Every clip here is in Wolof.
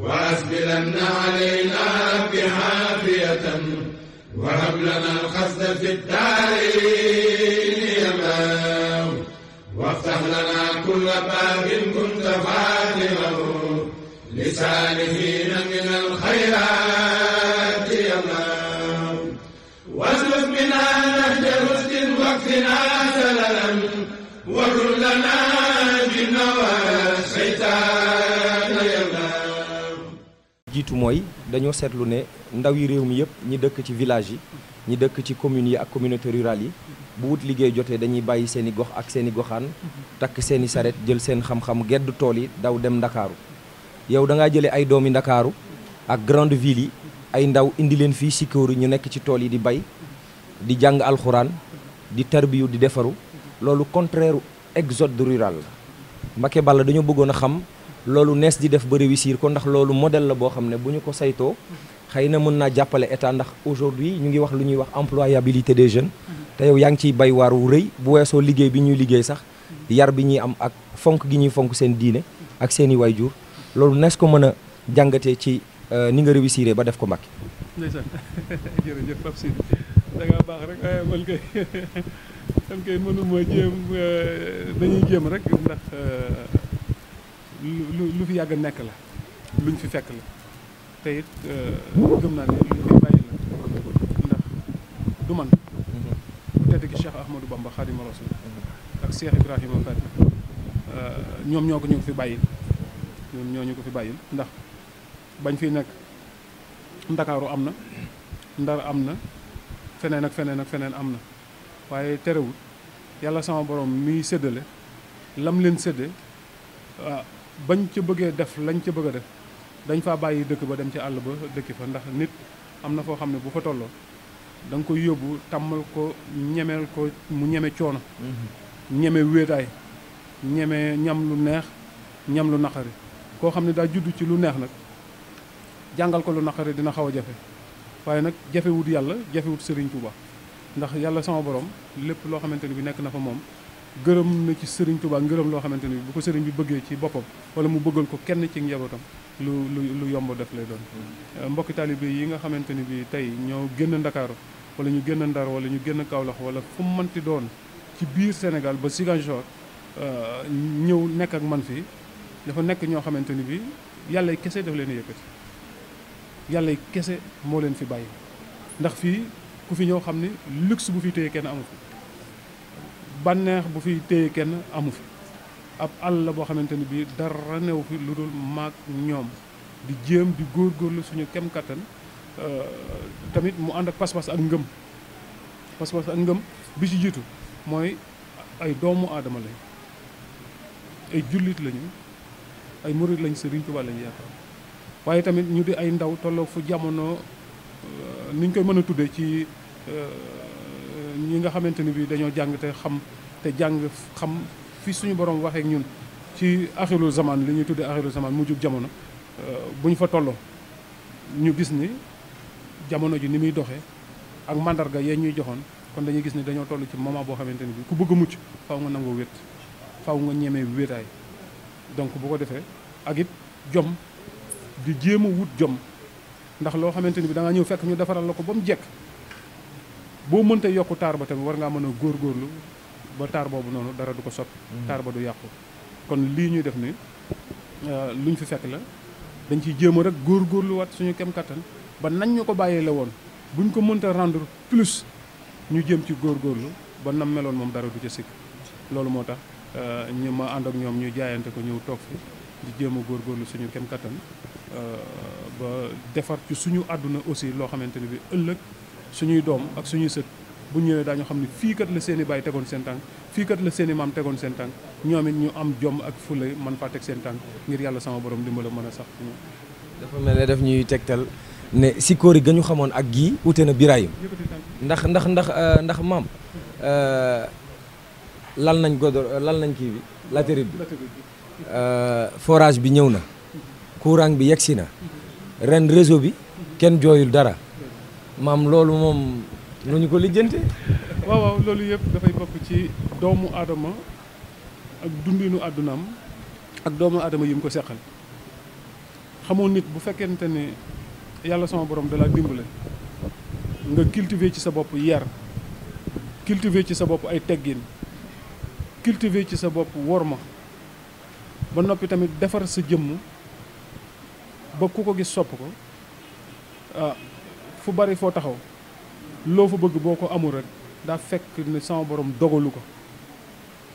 وأسبلن علينا رب عافية وهب لنا القصد في الدارين يمام وافتح لنا كل باب كنت فاتحه لسالهين من الخيرات يمام واسلك بنا نهج رشد واكفنا زللا وكن لنا jiitu mooy dañoo seetlu ne ndaw yi réew mi yëpp ñi dëkk ci village yi ñi dëkk ci communes yi ak communauté rurale yi bu wut liggéey jotee dañuy bàyyi seeni gox ak seeni goxaan takk seeni i saret jël seen xam-xam gedd tool yi daw dem ndakaaru yow da ngaa jëlee ay doomi ndakaaru ak grande ville yi ay ndaw indi leen fii Sikori ñu nekk ci tool yi di bay di jàng alxuraan di tarbiyu di defaru loolu contraire exode rural la Mbacké Balla bëggoon xam loolu nees di def ba réussir ko ndax loolu modèle la boo xam ne bu ñu ko saytoo xëy na mën naa jàppale état ndax aujourd'hui ñu ngi wax lu ñuy wax employabilité des jeunes te yow yaa ngi ciy bay waar wu rëy bu weesoo liggéey bi ñuy liggéey sax yar bi ñuy am ak fonk gi ñuy fonk seen diine ak seen i waajur loolu nees ko mën a jàngatee ci euh, ni nga réussir ba def ko Mbàkke ndeysaan jërëjëf Pape Sidi da ngaa lu lu fi yàgg nekk la luñ fi fekk la te it euh, gëm naa ne luñ fi bàyyi la ndax du man bu mhm. tedd gi Cheikh Ahmadou Bamba Xaadimu Rasuul ak Cheikh Ibrahima Fati euh, ñoom ñoo ko ñu fi bàyyil ndax bañ fi nekk ndakaaru am na ndar am na feneen ak feneen ak feneen am na waaye terewul yàlla sama borom miy séddale lam leen séddee ah, bañ ca bëggee def lañ ca bëgg a def dañ faa bàyyi dëkk ba dem ci àll ba dëkki fa ndax nit am na foo xam ne bu fa tolloo da nga koy yóbbu tàmmal ko ñemeel ko mu ñeme coono. Mm-hmm. ñeme wéetaay ñeme ñam lu neex ñam lu naqari koo xam ne daa judd ci lu neex nag jàngal ko lu naqari dina xaw a jafe waaye nag jafewut yàlla jafewut Serigne Touba ndax yàlla sama borom lépp loo xamante ni bi nekk na fa moom gërëm na ci sëriñ Tuubaa ngërëm loo xamante ni bu ko sëriñ bi bëggee ci boppam wala mu bëggal ko kenn ci njabootam lu lu lu yomb daf lay doon mm-hmm. mbokki taalibe yi nga xamante ni bi tey ñoo génn Ndakaaru wala ñu génn Ndar wala ñu génn Kaolack wala fu mu mënti doon ci biir Sénégal ba Ziguinchor euh, ñëw nekk ak man fii dafa nekk ñoo xamante ni bi yàlla kese daf leen yëkkati yàlla kese moo leen fi bàyyi ndax fii ku fi ñoo xam ne luxe bu fi téye kenn amu bànneex bu fi téye kenn amu fi ab àll la boo xamante ni bii dara new fi lu dul maag ñoom di jéem di góor góorlu suñu kem kattan euh, tamit mu ànd ak pas-pas ak ngëm pas-pas ak ngëm bi ci jiitu mooy ay doomu aadama lañ ay jullit lañu ay murit lañ Sëriñ Tuubaa lañ yaakaar waaye tamit ñu di ay ndaw tolloog fu jamono euh, niñ koy mën a tuddee ci. Euh, ñi nga xamante ni bi dañoo jàng te xam te jàng xam fi suñu borom waxeek ñun ci axiru zaman li ñuy tuddee axiru mu mujjug jamono euh, bu ñu fa tolloo ñu gis ni jamono ji ni muy doxee ak mandarga yee ñuy joxoon kon dañuy gis ni dañoo toll ci moment boo xamante ni bi ku bëgg a mucc faaw nga nangoo wét faw nga ñemee wéetaay donc bu ko defee ak it jom di jéem a wut jom ndax loo xamante ni bi da nga ñëw fekk ñu defaral la ko ba mu jekk boo mënta yokk taar ba tamit war ngaa mën a góor góorlu ba taar boobu noonu dara du ko soppi. Mm-hmm. taar ba du yàqu kon lii ñuy def ni euh, lu fi fekk la dañ ciy jéem a rek góorgóorluwaat suñu kem kattan ba nañ ñu ko bàyyee la woon buñ ko mënta rendre plus ñu jëm ci góorgóorlu ba nam meloon moom dara du ca sikk loolu moo tax euh, ñu ma ànd ak ñoom ñu jaayante ko ñëw toog fi di jéem a góorgóorlu suñu kem kattan euh, ba defar ci suñu àdduna aussi loo xamante ni bi ëllëg suñuy doom ak suñuy sët bu ñëwee daañu xam ne fii kat la seeni i baay tegoon seen tànk fii kat la seeni i maam tegoon seen tànk ñoom ñu am jom ak fule man faa teg seen tànk ngir yàlla sama borom dimbala mën a sax dafa mel ne daf ñuy tegtal ne sikkoor ga ñu xamoon ak gii wute na biraayam ndax ndax ndax euh, ndax maam euh, lal nañ godor euh, lal nañ kii bi latérite bi forage bi ñëw na courant bi yegsi na ren réseau bi kenn jooyul dara maam loolu moom nu ñu ko lijjante waaw waaw loolu yëpp dafay bokk ci doomu aadama ak dundinu àddunaam ak doomu aadama yi mu ko seqal xamoo nit bu fekkente ne yàlla sama borom dalaa dimbale nga cultiver ci sa bopp yar cultiver ci sa bopp ay teggin cultiver ci sa bopp ma ba noppi tamit defar sa jëmm ba ku ko gis sopp ko ah, fu bari foo taxaw loo fa bëgg boo ko amul rek daa fekk ne sama borom dogalu ko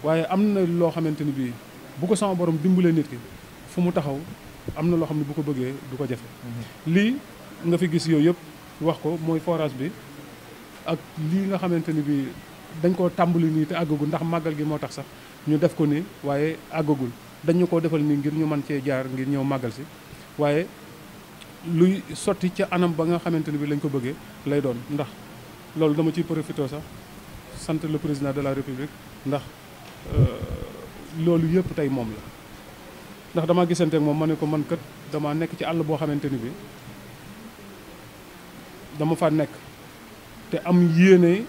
waaye am na loo xamante ni bii bu ko sama borom dimbalee nit ki fu mu taxaw am na loo xam ne bu ko bëggee du ko jafe. Mhm. lii nga fi gis yooyu yëpp wax ko mooy forage bi ak lii nga xamante ni bii dañ koo tàmbali nii te àggagul ndax màggal gi moo tax sax ñu def ko nii waaye àggagul dañu ko defal nii ngir ñu mën cee jaar ngir ñëw màggal si waaye. luy sotti ca anam ba nga xamante ne bi lañ ko bëggee lay doon ndax loolu dama ciy profité sax sant le président de la république ndax euh, loolu yëpp tey moom la ndax dama gisante ak moom ma ne ko man kat damaa nekk ci àll boo xamante ni bi dama fa nekk te am yéene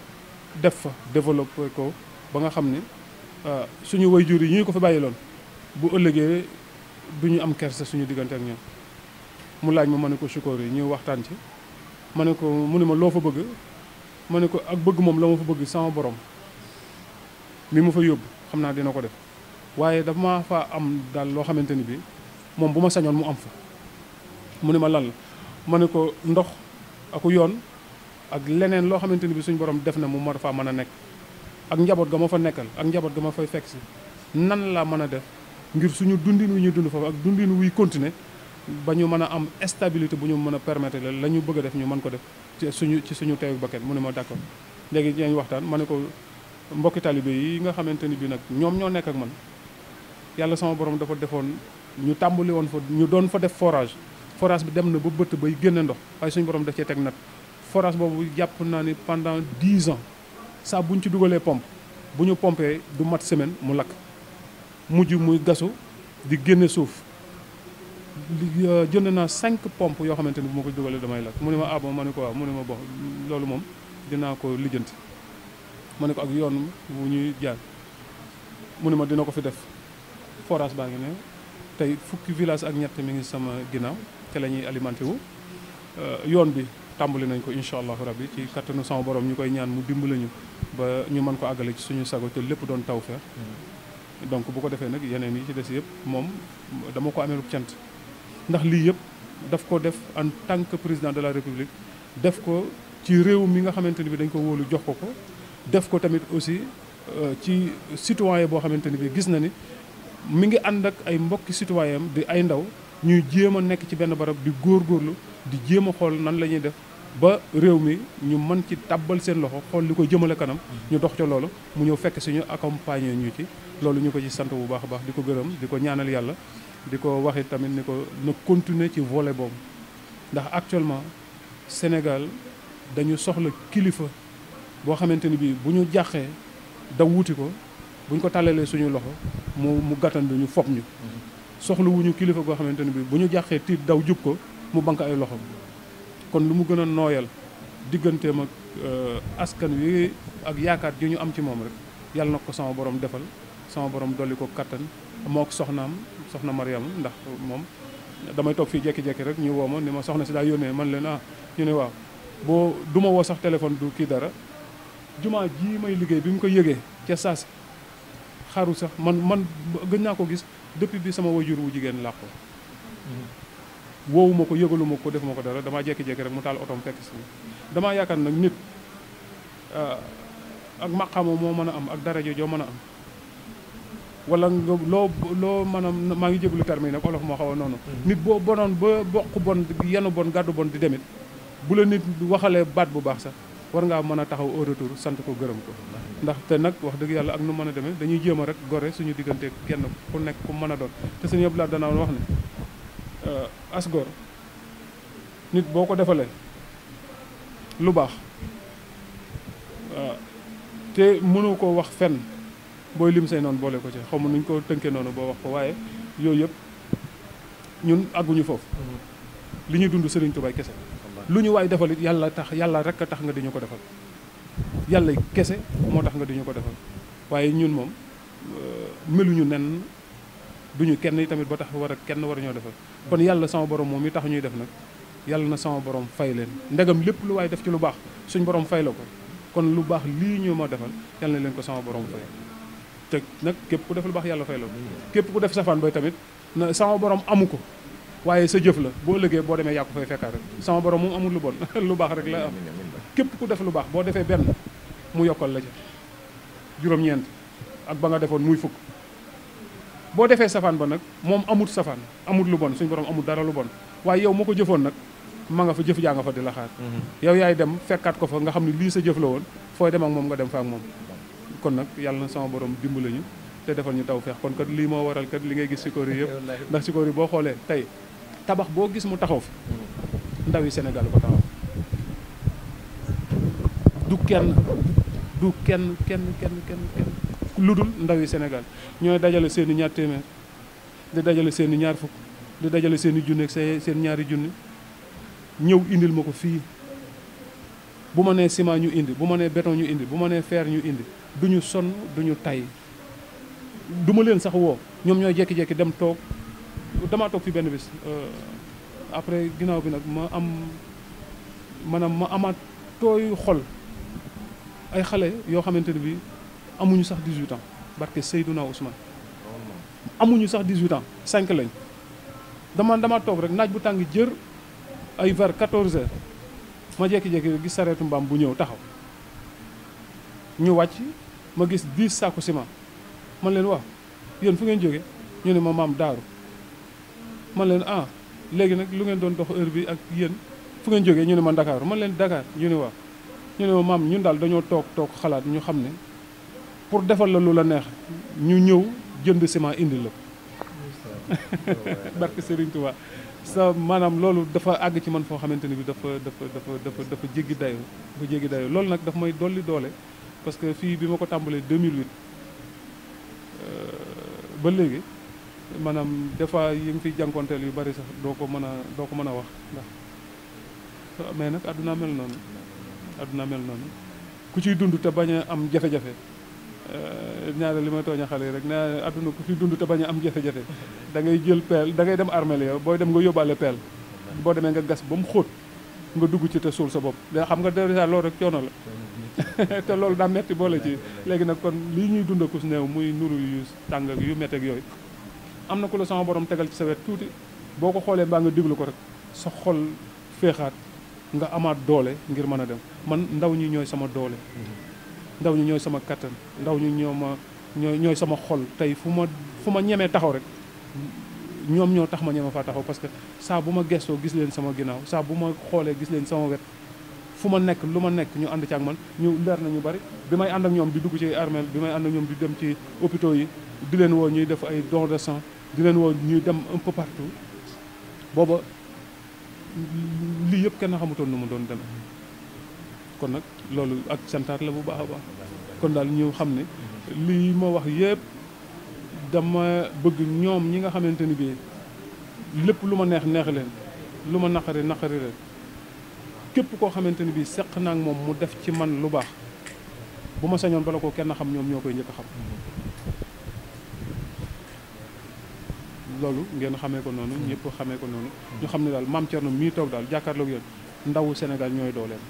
def fa développe ko ba nga xam ni euh, suñu woy jur yi ñuy ko fi bàyyiloon bu ëllëgee du ñu am kersa suñu diggante ak ñoom mu laaj ma ma ne ko Chikor yi ñuy waxtaan ci ma ne ko mu ne ma loo fa bëgg ma ne ko ak bëgg moom la ma fa bëgg sama borom mi mu fa yóbbu xam naa dina ko def waaye dafa ma fa am daal loo xamante ni bi moom bu ma sañoon mu am fa mu ne ma lan la ma ne ko ndox ak yoon ak leneen loo xamante ni bi suñu borom def na mu ma faa mën a nekk ak njaboot ga ma fa nekkal ak njaboot ga ma fay fekk si nan laa mën a def ngir suñu dundin wi ñuy dund foofu ak dundin wuy continuer ba ñu mën a am stabilité bu ñu mën a permettre la ñu bëgg a def ñu man ko def ci suñu ci suñu teewu bakkan mu ne ma d'accord léegi yaa ngi waxtaan ma ne ko mbokki talibe yi nga xamante ni bi nag ñoom ñoo nekk ak man yàlla sama borom dafa defoon ñu tàmbali woon fa ñu doon fa def forage forage bi dem na ba bëtt bay génne ndox waaye suñu borom daf cee teg nag forage boobu jàpp naa ni pendant dix ans saa bu ñu ci dugalee pompe bu ñu pompee du mat semaine mu lakk mujj muy gasu di génne suuf Euh, jënd naa cinq pompes yoo xamante ni bu ma ko dugalee damay lakk mu ne ma ah ma ne ko waaw mu ne ma bon loolu moom dinaa ko lijjanti ma ne ko ak yoon wu ñuy jaar mu ne ma dina ko fi def forage baa ngi ne tey fukki village ak ñett mi ngi sama ginnaaw te la ñuy alimenté wu euh, yoon bi tàmbali nañ ko incha allahu rabbi ci kattanu sama boroom ñu koy ñaan mu dimbali ñu ba ñu mën ko àggale ci suñu sago te lépp doon taw feex mm-hmm. donc bu ko defee nag yeneen yi ci des yëpp moom dama ko amelu cant ndax lii yëpp daf ko def en tant que président de la république def ko ci réew mi nga xamante ni bi dañ ko wóolu jox ko ko def ko tamit aussi euh, ci citoyen boo xamante ni bi gis na ni mi ngi ànd ak ay mbokki citoyen am di ay ndaw ñuy jéem a nekk ci benn barab di góorlu di jéem a xool nan la ñuy def ba réew mi ñu mën ci tàbbal seen loxo xool li ko jëmale kanam ñu dox ca loolu mu ñëw fekk si ñu accompagner ñu ci loolu ñu ko ci sant bu baax a baax di ko gërëm di ko ñaanal yàlla di ko waxi tamit ni ko na continuer ci volet boobu ndax actuellement Sénégal dañu soxla kilifa boo xamante ni bii bu ñu jàqee daw wuuti ko bu ñu ko tàllalee suñu loxo mu mu gàttandu ñu fob ñu soxla kilifa goo xamante ni bii bu ñu jàqee tiit daw jub ko mu bank ay loxo kon lu mu gën a nooyal digganteem ak euh, askan wi ak yaakaar ji ñu am ci moom rek yàlla na ko sama borom defal sama borom dolli ko kattan moo ko soxnaam soxna Mariam ndax moom damay toog fii jekki-jekki rek ñu woo ma ni ma soxna si daa yónnee man leen ah ñu ne waaw boo duma ma woo sax téléphone du kii dara jumaa jii may liggéey bi mu ko yëgee ca saasi xaru sax man man gën naa ko gis depuis bi sama wajur wu jigéen làqu woowu ko yëgalu ma ko def ma ko dara damaa jekki-jekki rek mu taal otom fekk si damaa yaakaar nag nit ah, ak maqaama moo mën a am ak darajo joo mën am wala nga loo loo maanaam maa ngi jéglu terme yi olof moo xaw noonu hmm. nit boo bonoon ba bokk bon yenu bon gàddu bon di demit bu la nit waxalee baat bu baax sax war ngaa mën a taxaw au retour sant ko gërëm ko ndax te nag wax dëgg yàlla ak nu mën a demee dañuy jéema rek gore suñu diggante kenn ku nekk ku mën a doon te suñu yëpp laa danaa wax ne euh, as nit boo ko defalee lu baax euh, te mënu ko wax fenn booy lim say noonu boole ko ci xaw ma nuñ ko tënkee noonu boo wax ko waaye yooyu yëpp ñun àgguñu foofu mm-hmm. li ñuy dund Serigne Touba kese lu ñu waay defal yàlla tax yàlla rek a tax nga di ñu ko defal yàlla kese moo tax nga di ñu ko defal waaye ñun moom euh, meluñu nen duñu kenn yi tamit ba tax war a kenn war ñoo defal kon mm-hmm. yàlla sama borom moom mi tax ñuy def nag yàlla na sama borom fay leen ndegam lépp lu waay def ci lu baax suñ borom fay la ko kon lu baax lii ñu ma defal yàlla leen ko sama borom fay te nag képp ku def lu baax yàlla fay la képp ku def safaan bay tamit sama borom amu ko waaye sa jëf la boo ëllëgee boo demee yaa ko fay fekkaat rek sama borom moom amul lu bon lu baax rek la am képp ku def lu baax boo defee benn mu yokkal la ca juróom-ñeent ak ba nga defoon muy fukk boo defee safaan ba nag moom amut safaan amut lu bon suñu borom amut dara lu bon waaye yow mu ko jëfoon nag ma nga fa jëf jaa nga fa di la xaar mhm. yow yaay dem fekkaat ko fa nga xam ne lii sa jëf la woon fooy moom nga dem fa moom kon nag yàlla na sama boroom dimbali lañu te defal ñu taw feex kon kat lii moo waral kat li ngay gis ko yi yëpp ndax ko yi boo xoolee tey tabax boo gis mu taxaw fi ndaw yi Sénégal ko taxaw du kenn du kenn kenn kenn kenn kenn lu dul ndaw yi Sénégal ñooy dajale seeni i ñaar téeméer di dajale seeni i ñaar fukk di dajale seen i junni ak seen ñaari junni ñëw indil ma ko fii bu ma nee ciment ñu indi bu ma nee béton ñu indi bu ma nee fer ñu indi duñu ñu sonn du tay du ma leen sax woo ñoom ñooy jekki-jekki dem toog damaa toog fi benn bis euh, après ginnaaw bi nag ma am maanaam ma amaat tooy xol ay xale yoo xamante ne bi amuñu sax 18 ans barke Seydouna Ousmane amuñu sax 18 ans 5 lañ dama dama toog rek naaj bu tàng jër ay vers 14 heures ma jekki-jekki gis sareetu mbaam bu ñëw taxaw ñu wàcc ma gis dix sàkku ciment man leen waaw yéen fu ngeen jóge ñu ni ma maam daaru man leen ah léegi nag lu ngeen doon dox heure bi ak yéen fu ngeen jóge ñu ne ma Dakar man leen Dakar ñu ne waaw ñu ne ma maam ñun daal dañoo toog toog xalaat ñu xam ne pour defal la lu la neex ñu ñëw jënd ciment indi la barke Serigne Touba sa maanaam loolu dafa àgg ci man foo xamante ni bi dafa dafa dafa dafa dafa jéggi dayo dafa jéggi dayo loolu nag daf may dolli doole parce que fii bi ma ko tàmbalee 2008 euh, ba léegi maanaam des fois fiy jànkonteel yu bari sax doo ko mën a doo ko mën a wax mais nag àdduna mel noonu àdduna mel noonu ku ciy dund te bañ a am jafe-jafe euh, ñaare li may tooña xale yi rek naa àdduna ku ciy dund te bañ am jafe-jafe da ngay jël peel da ngay dem armeel yow booy dem nga yóbbaale peel boo demee nga gas ba mu xóot nga dugg ci te suul sa bopp da xam nga déjà loolu rek coono la te loolu daa metti boole ci léegi nag kon lii ñuy dund akus new muy nuru yu tàng ak yu métteeg yooyu am na ku la sama borom tegal ci sa wet tuuti boo ko xoolee mbaa nga diglu ko rek sa xol féexaat nga amaat doole ngir mën a dem man ndaw ñi ñooy sama doole ndaw ñi ñooy sama kattan ndaw ñi ñoo ma ñooy ñooy sama xol tey fu ma fu ma ñemee taxaw rek ñoom ñoo tax ma ñema faa taxaw parce que saa bu ma gestoo gis leen sama ginnaaw saa bu ma xoolee gis leen sama wet fu ma nekk lu ma nekk ñu ànd ci ak man ñu leer na ñu bari bi may ànd ak ñoom di dugg ci armeel bi may ànd ak ñoom di dem ci hôpitaux yi di leen woo ñuy def ay don de sang di leen woo ñuy dem un peu partout booba lii yëpp kenn xamutoon nu mu doon dem kon nag loolu ak santaat la bu baax a baax kon daal ñu xam ne lii ma wax yëpp dama bëgg ñoom ñi nga xamante ni bii lépp lu ma neex neex leen lu ma naqari naqari leen képp koo xamante ni bii seq naa moom mu def ci man lu baax bu ma sañoon bala ko kenn xam ñoom ñoo koy njëkk a xam loolu ngeen xamee ko noonu ñëpp xamee ko noonu ñu xam ne daal maam Thierno mii toog daal jàkkaarloog yoon ndawu Sénégal ñooy dooleen